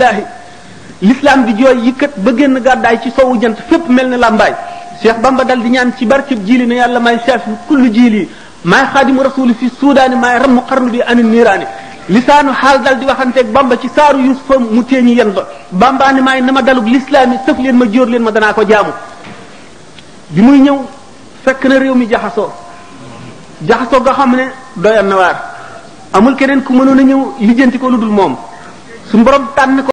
abdullahi l'islam di jooy yi kat ba génn gàddaay ci sowu jant fépp mel ni làmbaay Cheikh Bamba dal di ñaan ci barkeb jiili ne yàlla may saafi kullu jiili maay xaadimu rasuli fi suudaani maay ramu xarnu bi ani niiraani lisaanu xaal dal di waxanteeg Bamba ci saaru Yusufa mu teeñi yen ba Bamba ni maay na ma dalug lislaam yi sëf leen ma jóor leen ma danaa ko jaamu bi muy ñëw fekk na réew mi jaxasoo jaxasoo nga xam ne doyan na waar amul keneen ku mënoon a ñëw lijjanti ko lu dul moom su borom tànn ko